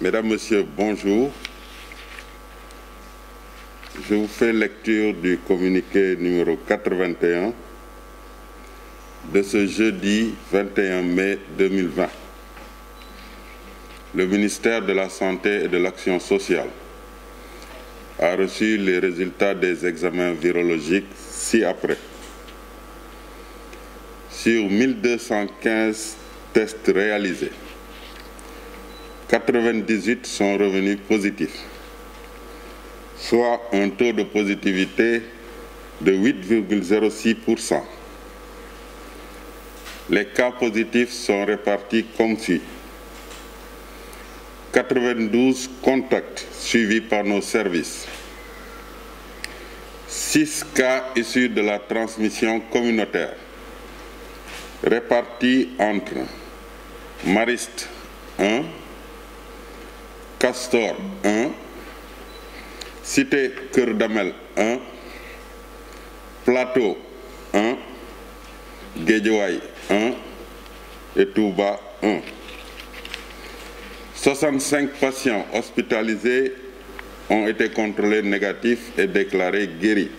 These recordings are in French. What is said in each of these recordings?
Mesdames, Messieurs, bonjour. Je vous fais lecture du communiqué numéro 81 de ce jeudi 21 mai 2020. Le ministère de la Santé et de l'Action sociale a reçu les résultats des examens virologiques ci-après. Sur 1215 tests réalisés, 98 sont revenus positifs, soit un taux de positivité de 8,06%. Les cas positifs sont répartis comme suit. 92 contacts suivis par nos services. 6 cas issus de la transmission communautaire, répartis entre Mariste 1, Castor 1, Cité Cœur d'Amel 1, Plateau 1, Guédiouaï 1 et Touba 1. 65 patients hospitalisés ont été contrôlés négatifs et déclarés guéris.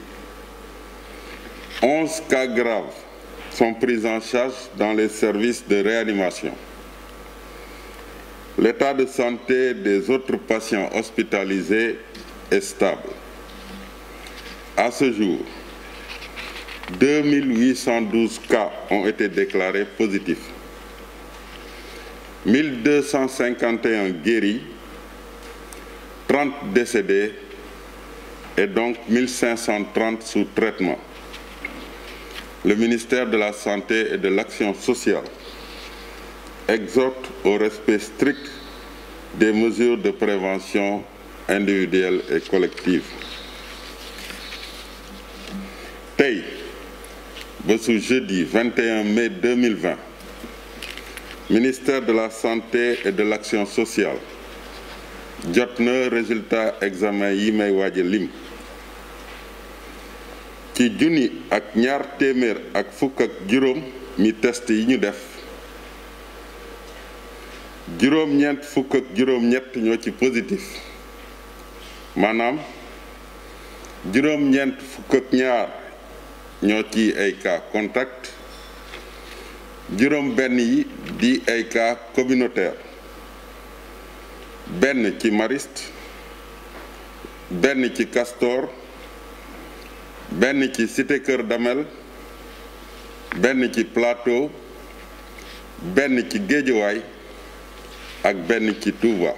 11 cas graves sont pris en charge dans les services de réanimation. L'état de santé des autres patients hospitalisés est stable. À ce jour, 2812 cas ont été déclarés positifs, 1251 guéris, 30 décédés et donc 1530 sous traitement. Le ministère de la Santé et de l'Action sociale exhorte au respect strict des mesures de prévention individuelle et collective. Paye ba jeudi 21 mai 2020 ministère de la santé et de l'action sociale jot résultat examen yi may lim ci junni ak ñaar téeméer ak fukk ak juróom mi test yi def juróom-ñeent fukk ak juróom-ñett ñoo positif Manam, juróom-ñeent fukk ak ñaar ñoo ci ay cas contact juróom benn yi di ay cas communautaire benn ci Mariste benn ci Castor benn ci Cité Kër Damel benn ci Plateau benn ci Géejawaay ak benn ci Touba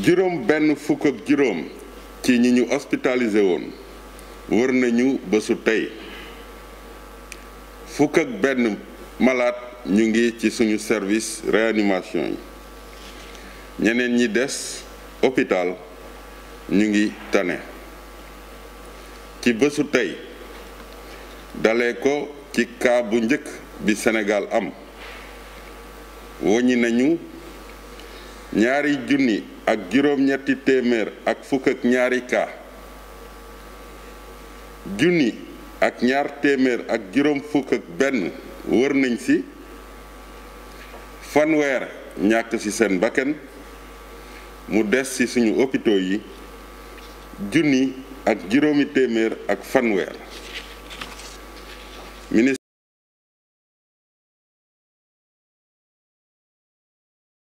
juróom benn fukk ak juróom ci ñi ñu hospitalisé woon wër nañu bésu tey fukk ak benn malade ñu ngi ci suñu service réanimation yi ñeneen ñi des hôpital ñu ngi tane ci daleko tey dalee ko ci cas bu njëkk bi Sénégal am woñi nañu ñaari junni ak juróom-ñetti téeméer ak fukk ak ñaari cas junni ak ñaar téeméer ak juróom fukk ak benn wër ci fanweer ñakk ci seen bakken mu des ci suñu hôpitaux yi junni ak juróomi téeméer ak fanweer